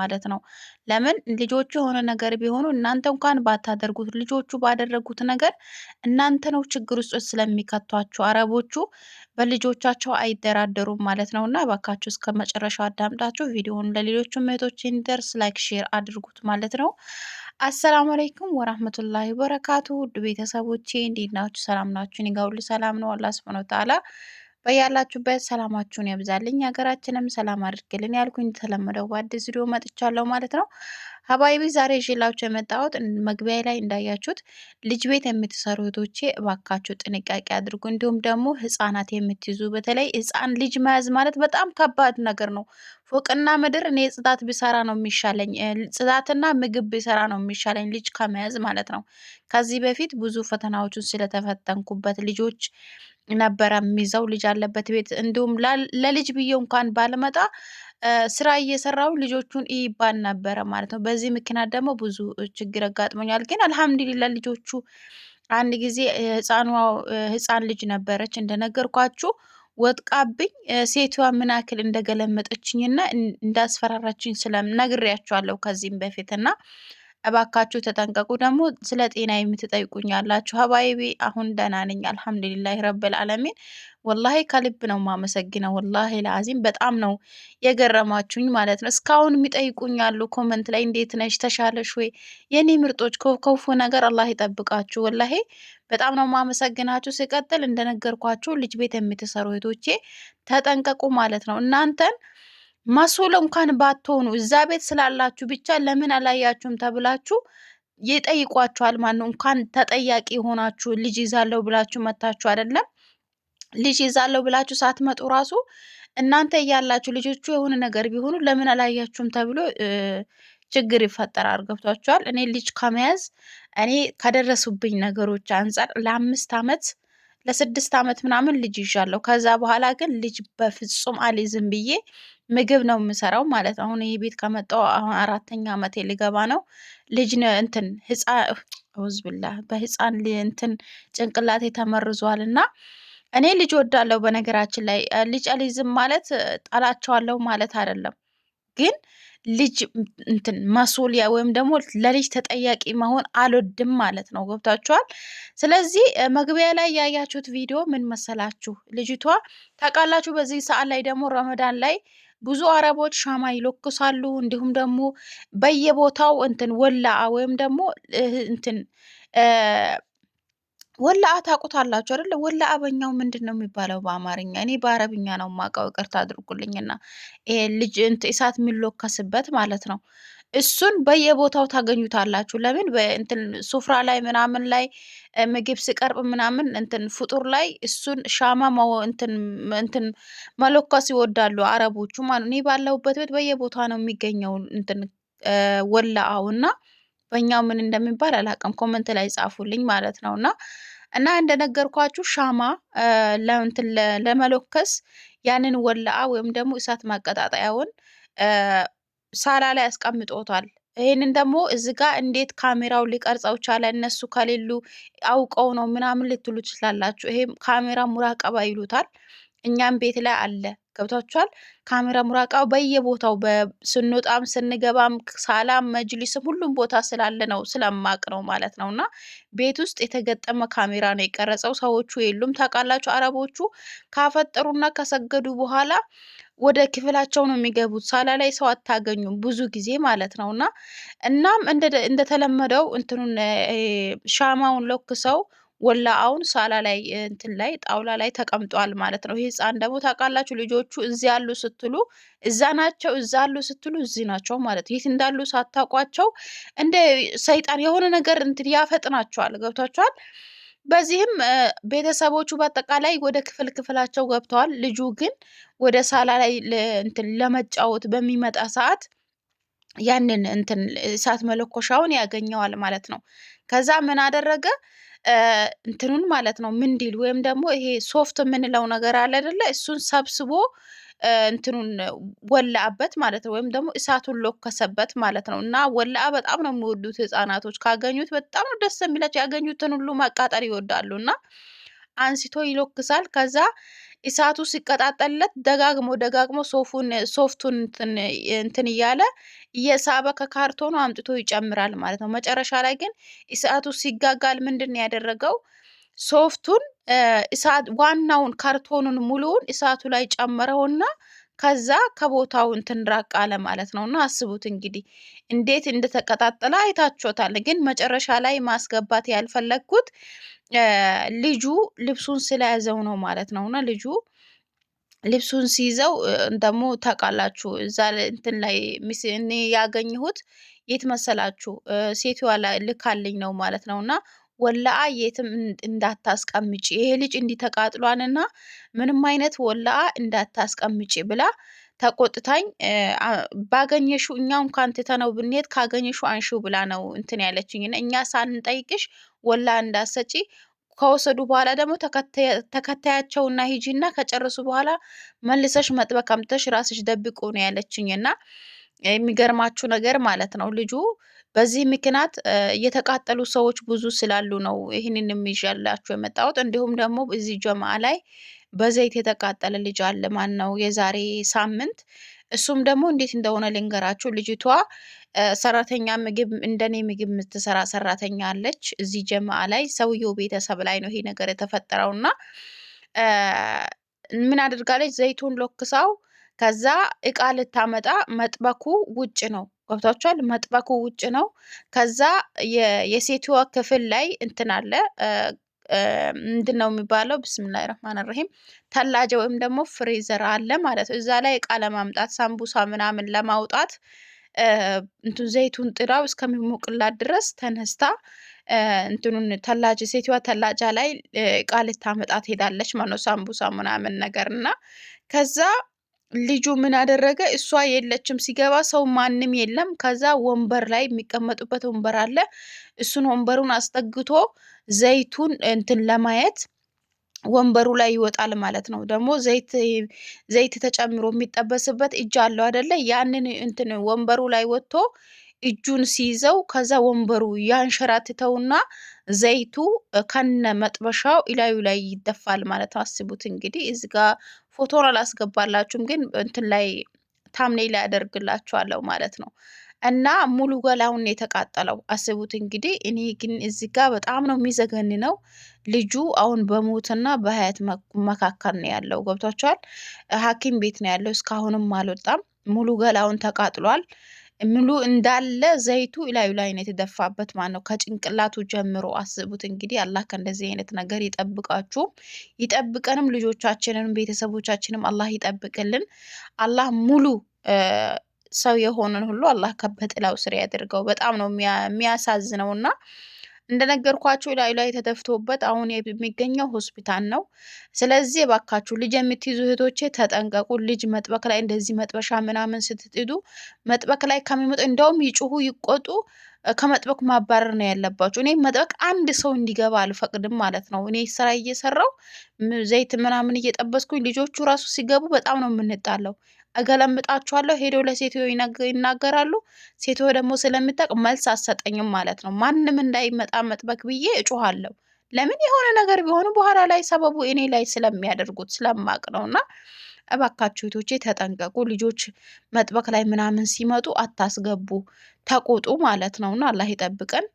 ማለት ነው። ለምን ልጆቹ የሆነ ነገር ቢሆኑ እናንተ እንኳን ባታደርጉት ልጆቹ ባደረጉት ነገር እናንተ ነው ችግር ውስጥ ስለሚከቷቸው አረቦቹ በልጆቻቸው አይደራደሩም ማለት ነው። እና እባካችሁ እስከ መጨረሻው አዳምጣችሁ ቪዲዮውን ለሌሎቹ እህቶች እንዲደርስ ላይክ፣ ሼር አድርጉት ማለት ነው። አሰላሙ አለይኩም ወራህመቱላሂ ወበረካቱ ውድ ቤተሰቦቼ እንዴት ናችሁ? ሰላም ናችሁ? እኔ ጋር ሁሉ ሰላም ነው። አላህ ሱብሃነሁ ወተዓላ በያላችሁበት ሰላማችሁን ያብዛልኝ፣ ሀገራችንም ሰላም አድርግልን ያልኩኝ እንደተለመደው በአዲስ ቪዲዮ መጥቻለሁ ማለት ነው። ሀባይቢ ዛሬ ይዤላችሁ የመጣሁት መግቢያ ላይ እንዳያችሁት ልጅ ቤት የምትሰሩ እህቶቼ እባካችሁ ጥንቃቄ አድርጉ። እንዲሁም ደግሞ ህጻናት የምትይዙ በተለይ ህጻን ልጅ መያዝ ማለት በጣም ከባድ ነገር ነው። ፎቅና ምድር እኔ ጽዳት ቢሰራ ነው የሚሻለኝ፣ ጽዳትና ምግብ ቢሰራ ነው የሚሻለኝ ልጅ ከመያዝ ማለት ነው። ከዚህ በፊት ብዙ ፈተናዎቹን ስለተፈተንኩበት ልጆች ነበረ የሚይዘው ልጅ አለበት ቤት እንዲሁም ለልጅ ብዬ እንኳን ባልመጣ ስራ እየሰራው ልጆቹን ይባል ነበረ ማለት ነው። በዚህ ምክንያት ደግሞ ብዙ ችግር አጋጥሞኛል። ግን አልሐምዱሊላ ልጆቹ አንድ ጊዜ ህፃኗ ህፃን ልጅ ነበረች እንደነገርኳችሁ ወጥቃብኝ ሴቷ ምን ያክል እንደገለመጠችኝና እንዳስፈራራችኝ ስለም ነግሬያቸዋለሁ ከዚህም በፊት እና እባካችሁ ተጠንቀቁ። ደግሞ ስለ ጤና የምትጠይቁኝ አላችሁ። ሀባይቢ አሁን ደህና ነኝ አልሐምዱሊላህ ረብል አለሚን። ወላሂ ከልብ ነው ማመሰግነው። ወላሂ ለአዚም በጣም ነው የገረማችሁኝ ማለት ነው። እስካሁን የሚጠይቁኝ ያሉ ኮመንት ላይ እንዴት ነሽ ተሻለሽ ወይ የኔ ምርጦች፣ ከውፉ ነገር አላህ ይጠብቃችሁ። ወላሂ በጣም ነው ማመሰግናችሁ። ሲቀጥል እንደነገርኳችሁ ልጅ ቤት የምትሰሩ እህቶቼ ተጠንቀቁ ማለት ነው እናንተን ማሶሎ እንኳን ባትሆኑ እዛ ቤት ስላላችሁ ብቻ ለምን አላያችሁም ተብላችሁ ይጠይቋችኋል። ማነው እንኳን ተጠያቂ የሆናችሁ ልጅ ይዛለሁ ብላችሁ መታችሁ አይደለም ልጅ ይዛለሁ ብላችሁ ሳትመጡ ራሱ እናንተ እያላችሁ ልጆቹ የሆነ ነገር ቢሆኑ ለምን አላያችሁም ተብሎ ችግር ይፈጠራል። ገብቷችኋል? እኔ ልጅ ከመያዝ እኔ ከደረሱብኝ ነገሮች አንጻር ለአምስት አመት ለስድስት ዓመት ምናምን ልጅ ይዣለሁ። ከዛ በኋላ ግን ልጅ በፍጹም አልይዝም ብዬ ምግብ ነው የምሰራው ማለት ነው። አሁን ይሄ ቤት ከመጣሁ አሁን አራተኛ ዓመቴ ልገባ ነው። ልጅ እንትን ውዝብላ በህፃን እንትን ጭንቅላቴ ተመርዟል እና እኔ ልጅ ወዳለሁ። በነገራችን ላይ ልጅ አልይዝም ማለት ጠላቸዋለሁ ማለት አይደለም። ግን ልጅ እንትን መሱሊያ ወይም ደግሞ ለልጅ ተጠያቂ መሆን አልወድም ማለት ነው። ገብታችኋል። ስለዚህ መግቢያ ላይ ያያችሁት ቪዲዮ ምን መሰላችሁ? ልጅቷ ታውቃላችሁ፣ በዚህ ሰዓት ላይ ደግሞ ረመዳን ላይ ብዙ አረቦች ሻማ ይለኩሳሉ። እንዲሁም ደግሞ በየቦታው እንትን ወላአ ወይም ደግሞ እንትን ወላአ ታውቁታላችሁ አይደለ? ወላአ አበኛው ምንድን ነው የሚባለው በአማርኛ? እኔ በአረብኛ ነው ማቀው፣ ይቅርታ አድርጉልኝና ልጅ እሳት የሚሎከስበት ማለት ነው። እሱን በየቦታው ታገኙታላችሁ። ለምን እንትን ሱፍራ ላይ ምናምን ላይ ምግብ ሲቀርብ ምናምን እንትን ፍጡር ላይ እሱን ሻማ እንትን መሎከስ ይወዳሉ አረቦቹ ማ እኔ ባለሁበት ቤት በየቦታ ነው የሚገኘው እንትን ወላአውና በእኛው ምን እንደሚባል አላውቅም። ኮመንት ላይ ጻፉልኝ ማለት ነው እና እና እንደነገርኳችሁ ሻማ ለእንትን ለመለኮስ ያንን ወላአ ወይም ደግሞ እሳት ማቀጣጠያውን ሳላ ላይ አስቀምጦታል። ይህንን ደግሞ እዚህ ጋር እንዴት ካሜራው ሊቀርጸው ቻለ? እነሱ ከሌሉ አውቀው ነው ምናምን ልትሉ ትችላላችሁ። ይሄም ካሜራ ሙራቀባ ይሉታል። እኛም ቤት ላይ አለ። ገብቷችኋል። ካሜራ ምራቃው በየቦታው ስንወጣም ስንገባም ሳላም መጅሊስም ሁሉም ቦታ ስላለ ነው ስለማቅ ነው ማለት ነው። እና ቤት ውስጥ የተገጠመ ካሜራ ነው የቀረጸው። ሰዎቹ የሉም ታውቃላችሁ። አረቦቹ ካፈጠሩና ከሰገዱ በኋላ ወደ ክፍላቸው ነው የሚገቡት። ሳላ ላይ ሰው አታገኙም ብዙ ጊዜ ማለት ነው። እና እናም እንደተለመደው እንትኑን ሻማውን ለኩሰው ወላ አሁን ሳላ ላይ እንትን ላይ ጣውላ ላይ ተቀምጧል ማለት ነው። ይህ ህፃን ደግሞ ታውቃላችሁ ልጆቹ እዚ ያሉ ስትሉ እዛ ናቸው፣ እዛ አሉ ስትሉ እዚህ ናቸው ማለት የት እንዳሉ ሳታውቋቸው እንደ ሰይጣን የሆነ ነገር እንትን ያፈጥናቸዋል። ገብቷቸዋል። በዚህም ቤተሰቦቹ በአጠቃላይ ወደ ክፍል ክፍላቸው ገብተዋል። ልጁ ግን ወደ ሳላ ላይ እንትን ለመጫወት በሚመጣ ሰዓት ያንን እንትን እሳት መለኮሻውን ያገኘዋል ማለት ነው። ከዛ ምን አደረገ? እንትኑን ማለት ነው ምንዲል ወይም ደግሞ ይሄ ሶፍት የምንለው ነገር አለ አይደለ? እሱን ሰብስቦ እንትኑን ወላአበት ማለት ነው። ወይም ደግሞ እሳቱን ሎከሰበት ማለት ነው። እና ወላአ በጣም ነው የሚወዱት ህፃናቶች። ካገኙት በጣም ነው ደስ የሚላቸው። ያገኙትን ሁሉ ማቃጠል ይወዳሉ እና አንስቶ ይሎክሳል። ከዛ እሳቱ ሲቀጣጠልለት ደጋግሞ ደጋግሞ ሶፍቱን እንትን እያለ እየሳበ ከካርቶኑ አምጥቶ ይጨምራል ማለት ነው። መጨረሻ ላይ ግን እሳቱ ሲጋጋል ምንድን ያደረገው? ሶፍቱን ዋናውን ካርቶኑን ሙሉውን እሳቱ ላይ ጨምረውና ከዛ ከቦታው እንትን ራቅ አለ ማለት ነው። እና አስቡት እንግዲህ እንዴት እንደተቀጣጠለ አይታችሁታል። ግን መጨረሻ ላይ ማስገባት ያልፈለግኩት ልጁ ልብሱን ስለያዘው ነው ማለት ነው። እና ልጁ ልብሱን ሲይዘው ደግሞ ታውቃላችሁ፣ እዛ እንትን ላይ እኔ ያገኘሁት የት መሰላችሁ? ሴትዮዋ ልካልኝ ነው ማለት ነው እና ወላአ የትም እንዳታስቀምጪ ይሄ ልጅ እንዲህ ተቃጥሏልና ምንም አይነት ወላአ እንዳታስቀምጪ ብላ ተቆጥታኝ ባገኘሹ እኛ እንኳን ትተነው ብንሄድ ካገኘሹ አንሺው ብላ ነው እንትን ያለችኝ። እኛ ሳንጠይቅሽ ወላ እንዳሰጪ ከወሰዱ በኋላ ደግሞ ተከታያቸውና እና ከጨረሱ በኋላ መልሰሽ መጥበቅ አምጥተሽ ራስሽ ደብቁ ነው ያለችኝ። እና የሚገርማችሁ ነገር ማለት ነው ልጁ በዚህ ምክንያት የተቃጠሉ ሰዎች ብዙ ስላሉ ነው ይህንን የሚዣላችሁ የመጣሁት። እንዲሁም ደግሞ እዚህ ጀማ ላይ በዘይት የተቃጠለ ልጅ አለ። ማን ነው የዛሬ ሳምንት እሱም ደግሞ እንዴት እንደሆነ ልንገራችሁ። ልጅቷ ሰራተኛ ምግብ እንደኔ ምግብ የምትሰራ ሰራተኛ አለች። እዚህ ጀማ ላይ ሰውየው ቤተሰብ ላይ ነው ይሄ ነገር የተፈጠረውና ምን አድርጋለች? ዘይቱን ሎክሳው ከዛ እቃ ልታመጣ መጥበኩ ውጭ ነው ገብቷችኋል። መጥበኩ ውጭ ነው። ከዛ የሴትዋ ክፍል ላይ እንትን አለ ምንድን ነው የሚባለው? ብስምላሂ ረህማን ረሂም ተላጀ ወይም ደግሞ ፍሪዘር አለ ማለት ነው። እዛ ላይ እቃ ለማምጣት ሳምቡሳ ምናምን ለማውጣት እንትን ዘይቱን ጥዳው እስከሚሞቅላት ድረስ ተነስታ እንትኑን ተላጅ ሴትዋ ተላጃ ላይ እቃ ልታመጣ ትሄዳለች ማለት ነው። ሳምቡሳ ምናምን ነገር እና ከዛ ልጁ ምን አደረገ? እሷ የለችም። ሲገባ ሰው ማንም የለም። ከዛ ወንበር ላይ የሚቀመጡበት ወንበር አለ። እሱን ወንበሩን አስጠግቶ ዘይቱን እንትን ለማየት ወንበሩ ላይ ይወጣል ማለት ነው። ደግሞ ዘይት ተጨምሮ የሚጠበስበት እጅ አለው አደለ? ያንን እንትን ወንበሩ ላይ ወጥቶ እጁን ሲይዘው ከዛ ወንበሩ ያንሸራትተውና ዘይቱ ከነ መጥበሻው እላዩ ላይ ይደፋል ማለት ነው። አስቡት እንግዲህ እዚህ ፎቶን አላስገባላችሁም፣ ግን እንትን ላይ ታምኔል ያደርግላችኋለሁ ማለት ነው። እና ሙሉ ገላውን የተቃጠለው አስቡት እንግዲህ። እኔ ግን እዚ ጋ በጣም ነው ነው። ልጁ አሁን በሞትና በሀያት መካከል ነው ያለው። ገብቷቸዋል። ሐኪም ቤት ነው ያለው። እስካሁንም አልወጣም። ሙሉ ገላውን ተቃጥሏል። ሙሉ እንዳለ ዘይቱ እላዩ ላይ ነው የተደፋበት ማለት ነው። ከጭንቅላቱ ጀምሮ አስቡት እንግዲህ። አላህ ከእንደዚህ አይነት ነገር ይጠብቃችሁ፣ ይጠብቀንም፣ ልጆቻችንንም ቤተሰቦቻችንም አላህ ይጠብቅልን። አላህ ሙሉ ሰው የሆነን ሁሉ አላህ ከበጥላው ስር ያድርገው። በጣም ነው የሚያሳዝነውና እንደነገርኳችሁ ላዩ ላይ ተተፍቶበት አሁን የሚገኘው ሆስፒታል ነው። ስለዚህ የባካችሁ ልጅ የምትይዙ እህቶቼ ተጠንቀቁ። ልጅ መጥበቅ ላይ እንደዚህ መጥበሻ ምናምን ስትጥዱ መጥበቅ ላይ ከሚመጡ እንደውም ይጩሁ ይቆጡ ከመጥበቅ ማባረር ነው ያለባችሁ። እኔ መጥበቅ አንድ ሰው እንዲገባ አልፈቅድም ማለት ነው። እኔ ስራ እየሰራው ዘይት ምናምን እየጠበስኩኝ ልጆቹ ራሱ ሲገቡ በጣም ነው የምንጣለው። እገለምጣችኋለሁ ሄደው ለሴትዮ ይናገራሉ። ሴትዮ ደግሞ ስለምታቅ መልስ አሰጠኝም ማለት ነው። ማንም እንዳይመጣ መጥበቅ ብዬ እጩኋለሁ። ለምን የሆነ ነገር ቢሆኑ በኋላ ላይ ሰበቡ እኔ ላይ ስለሚያደርጉት ስለማቅ ነው። እና እባካችሁ ቶቼ ተጠንቀቁ። ልጆች መጥበቅ ላይ ምናምን ሲመጡ አታስገቡ፣ ተቆጡ ማለት ነው። እና አላህ ይጠብቀን።